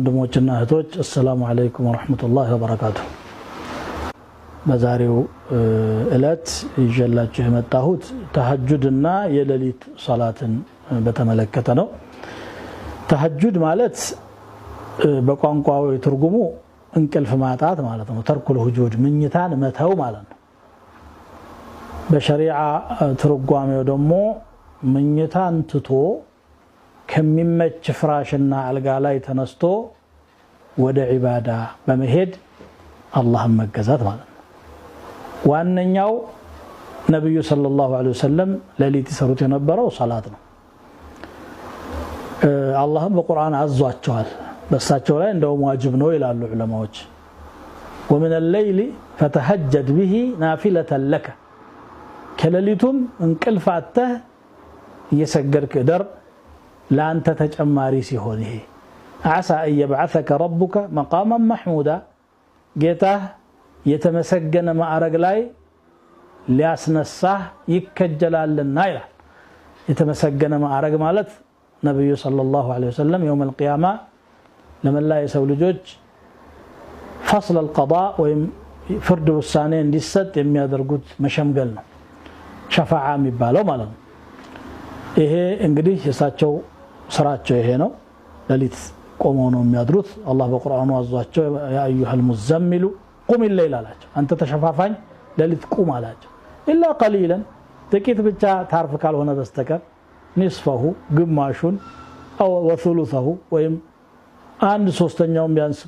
ወንድሞችና እህቶች አሰላሙ አለይኩም ወረሕመቱላህ ወበረካቱ። በዛሬው እለት ይዤላችሁ የመጣሁት ተሐጁድና የሌሊት ሰላትን በተመለከተ ነው። ተሐጁድ ማለት በቋንቋዊ ትርጉሙ እንቅልፍ ማጣት ማለት ነው። ተርኩል ሁጁድ ምኝታን መተው ማለት ነው። በሸሪዓ ትርጓሜው ደግሞ ምኝታን ትቶ ከሚመች ፍራሽና አልጋ ላይ ተነስቶ ወደ ዒባዳ በመሄድ አላህን መገዛት ማለት ነው። ዋነኛው ነቢዩ ሰለላሁ ዐለይሂ ወሰለም ሌሊት ይሰሩት የነበረው ሰላት ነው። አላህም በቁርአን አዟቸዋል። በእሳቸው ላይ እንደውም ዋጅብ ነው ይላሉ ዑለማዎች። ወሚን አለይሊ ፈተሀጀድ ብሂ ናፊለተን ለከ ከሌሊቱም እንቅልፍ አተህ እየሰገድክ እደር ለአንተ ተጨማሪ ሲሆን ይሄ አሳ አን የብዓሰከ ረቡከ መቃመን መሕሙዳ ጌታህ የተመሰገነ ማዕረግ ላይ ሊያስነሳህ ይከጀላልና ይላል የተመሰገነ ማዕረግ ማለት ነቢዩ ሰለላሁ ዐለይሂ ወሰለም የውም አልቅያማ ለመላ የሰው ልጆች ፈስል አልቀዳ ወይም ፍርድ ውሳኔ እንዲሰጥ የሚያደርጉት መሸምገል ነው ሸፋዓ የሚባለው ማለት ነው ይሄ እንግዲህ የእሳቸው سراتشو هنا لليت قومون ميادروت الله بقران وازواتشو يا ايها المزمل قم الليل على انت تشفافان لليت قوم على الا قليلا تكيت بتا تعرف قال هنا بستكر نصفه قماشون او وثلثه ويم عند سوستن يوم بيانس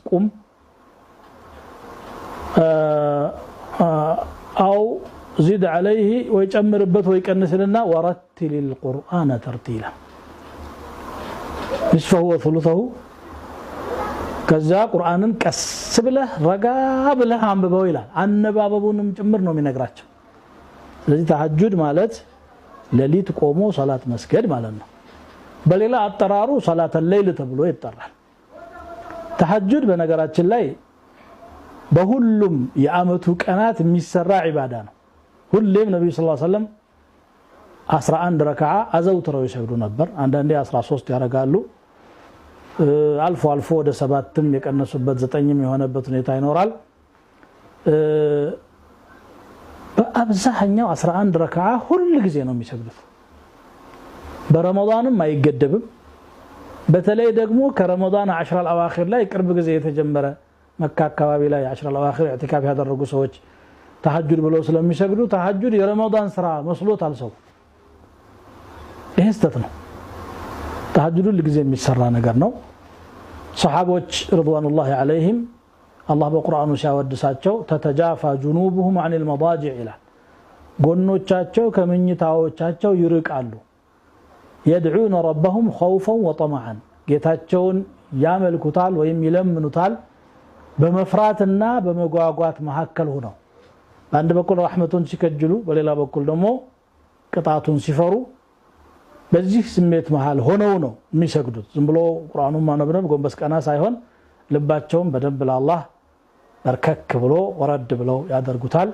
او زيد عليه ويجمر بث ويكنس ورتل القران ترتيلا ንስፈሁ ወሱሉሰሁ ከዛ ቁርአንን ቀስ ብለህ ረጋ ብለህ አንብበው ይላል። አነባበቡንም ጭምር ነው የሚነግራቸው። ስለዚህ ተሐጁድ ማለት ሌሊት ቆሞ ሰላት መስገድ ማለት ነው። በሌላ አጠራሩ ሰላተ ሌይል ተብሎ ይጠራል። ተሐጁድ በነገራችን ላይ በሁሉም የአመቱ ቀናት የሚሰራ ዒባዳ ነው። ሁሌም ነቢዩ ስ ሰለም 11 ረክዓ አዘውትረው ይሰግዱ ነበር። አንዳንዴ 13 ያደርጋሉ። አልፎ አልፎ ወደ ሰባትም የቀነሱበት ዘጠኝም የሆነበት ሁኔታ ይኖራል። በአብዛኛው 11 ረክዓ ሁል ጊዜ ነው የሚሰግዱት። በረመዳንም አይገደብም። በተለይ ደግሞ ከረመዳን አሽራ አልአዋኺር ላይ ቅርብ ጊዜ የተጀመረ መካ አካባቢ ላይ አሽራ አልአዋኺር ኢዕቲካፍ ያደረጉ ሰዎች ተሐጁድ ብለው ስለሚሰግዱ ተሐጁድ የረመዳን ስራ መስሎታል ሰው። ይህ ስህተት ነው። ተሐጅድ ሁል ጊዜ የሚሰራ ነገር ነው። ሰሓቦች ርድዋኑላሂ ዓለይህም አላህ በቁርአኑ ሲያወድሳቸው ተተጃፋ ጁኑብሁም አን ልመዳጅዕ ይላል። ጎኖቻቸው ከምኝታዎቻቸው ይርቃሉ። የድዑነ ረበሁም ኸውፈን ወጠመዓን ጌታቸውን ያመልኩታል ወይም ይለምኑታል በመፍራትና በመጓጓት መካከል ሆነው በአንድ በኩል ረሕመቱን ሲከጅሉ፣ በሌላ በኩል ደግሞ ቅጣቱን ሲፈሩ በዚህ ስሜት መሃል ሆነው ነው የሚሰግዱት። ዝም ብሎ ቁርአኑ ማነብነብ ጎንበስ ቀና ሳይሆን ልባቸውም በደንብ ለአላህ በርከክ ብሎ ወረድ ብለው ያደርጉታል።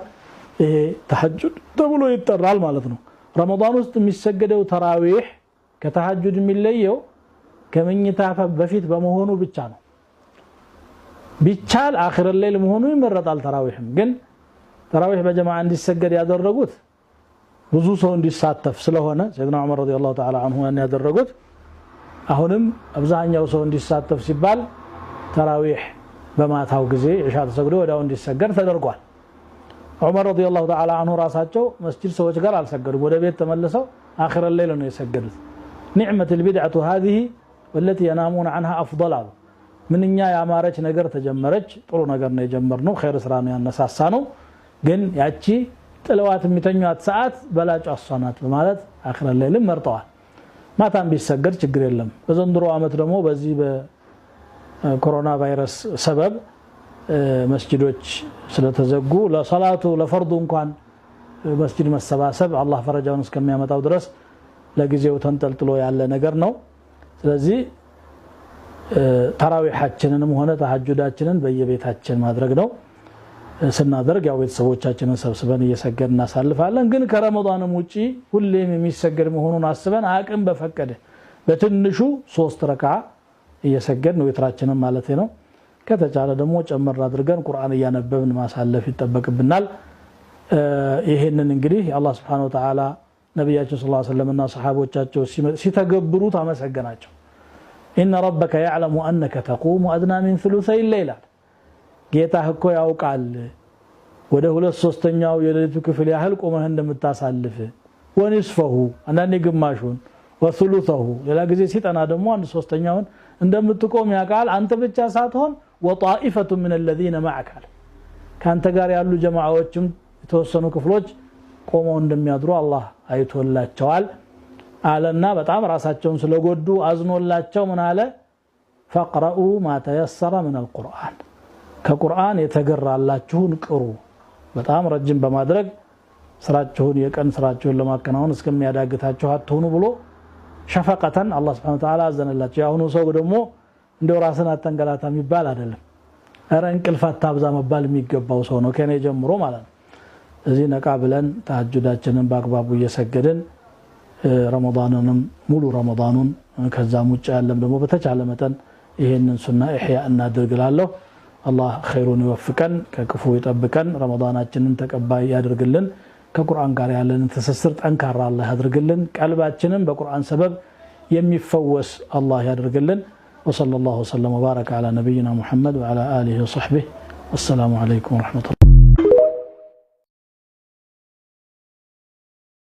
ይሄ ተሐጁድ ተብሎ ይጠራል ማለት ነው። ረመዳን ውስጥ የሚሰገደው ተራዊሕ ከተሐጁድ የሚለየው ከመኝታ በፊት በመሆኑ ብቻ ነው። ቢቻል አኺረል ሌይል መሆኑ ይመረጣል። ተራዊሕም ግን ተራዊሕ በጀማዓ እንዲሰገድ ያደረጉት ብዙ ሰው እንዲሳተፍ ስለሆነ ሰይድና ዑመር ረዲየላሁ ተዓላ አንሁ ያደረጉት አሁንም አብዛኛው ሰው እንዲሳተፍ ሲባል ተራዊሕ በማታው ጊዜ ዒሻ ተሰግዶ ወዲያው እንዲሰገድ ተደርጓል። ዑመር ረዲየላሁ ተዓላ አንሁ ራሳቸው መስጂድ ሰዎች ጋር አልሰገዱም። ወደ ቤት ተመልሰው አኺረ ሌይል ነው የሰገዱት። ኒዕመት ልቢድዓቱ ሃዚህ ወለቲ የናሙን አንሃ አፍضል አሉ። ምንኛ ያማረች ነገር ተጀመረች። ጥሩ ነገር ነው የጀመርነው። ኸይር ስራ ነው ያነሳሳ ነው። ግን ያቺ ጥለዋት የሚተኟት ሰዓት በላጯ እሷ ናት በማለት አክረ ላይልም መርጠዋል። ማታም ቢሰገድ ችግር የለም። በዘንድሮ ዓመት ደግሞ በዚህ በኮሮና ቫይረስ ሰበብ መስጅዶች ስለተዘጉ ለሰላቱ ለፈርዱ እንኳን መስጅድ መሰባሰብ አላህ ፈረጃውን እስከሚያመጣው ድረስ ለጊዜው ተንጠልጥሎ ያለ ነገር ነው። ስለዚህ ተራዊሓችንንም ሆነ ተሐጁዳችንን በየቤታችን ማድረግ ነው። ስናደርግ ያው ቤተሰቦቻችንን ሰብስበን እየሰገድ እናሳልፋለን። ግን ከረመዳንም ውጭ ሁሌም የሚሰገድ መሆኑን አስበን አቅም በፈቀደ በትንሹ ሶስት ረካ እየሰገድ ነው ዊትራችንን ማለት ነው። ከተቻለ ደግሞ ጨመር አድርገን ቁርአን እያነበብን ማሳለፍ ይጠበቅብናል። ይሄንን እንግዲህ አላህ ስብሐነሁ ወተዓላ ነቢያችን ስ እና ሰሓቦቻቸው ሲተገብሩት አመሰገናቸው። ኢነ ረበከ ያዕለሙ አነከ ተቁሙ አድና ሚን ثሉሰይ ሌይል ጌታ እኮ ያውቃል ወደ ሁለት ሶስተኛው የሌሊቱ ክፍል ያህል ቆመህ እንደምታሳልፍ ወኒስፈሁ አንዳንዴ ግማሹን ወሱሉተሁ ሌላ ጊዜ ሲጠና ደግሞ አንድ ሶስተኛውን እንደምትቆም ያውቃል አንተ ብቻ ሳትሆን ወጣኢፈቱ ምን ለዚነ ማዕካል ከአንተ ጋር ያሉ ጀማዎችም የተወሰኑ ክፍሎች ቆመው እንደሚያድሩ አላህ አይቶላቸዋል አለና በጣም ራሳቸውን ስለጎዱ አዝኖላቸው ምን አለ ፈቅረኡ ማ ተየሰረ ምን አልቁርአን ከቁርአን የተገራላችሁን ቅሩ በጣም ረጅም በማድረግ ስራችሁን የቀን ስራችሁን ለማከናወን እስከሚያዳግታችሁ አትሆኑ ብሎ ሸፈቀተን አላህ ስብሐ ወተዓላ አዘነላቸው። የአሁኑ ሰው ደግሞ እንደው ራስን አተንገላታ የሚባል አይደለም። ኧረ እንቅልፍ አታብዛ መባል የሚገባው ሰው ነው ከኔ ጀምሮ ማለት ነው። እዚህ ነቃ ብለን ተሐጁዳችንን በአግባቡ እየሰገድን ረመዳንንም ሙሉ ረመዳኑን ከዛም ውጭ ያለም ደግሞ በተቻለ መጠን ይሄንን ሱና ኢሕያ እናድርግላለሁ። አላህ ኸይሩን ይወፍቀን፣ ከክፉ ይጠብቀን፣ ረመዳናችንን ተቀባይ ያደርግልን፣ ከቁርአን ጋር ያለንን ትስስር ጠንካራ አላህ ያድርግልን፣ ቀልባችንን በቁርአን ሰበብ የሚፈወስ አላህ ያደርግልን። ወሰለላሁ ወሰለም ወባረከ ዓላ ነቢይና ሙሐመድ ወዓላ አሊሂ ወሰሕቢህ። አሰላሙ ዓለይኩም ወረሕመቱላህ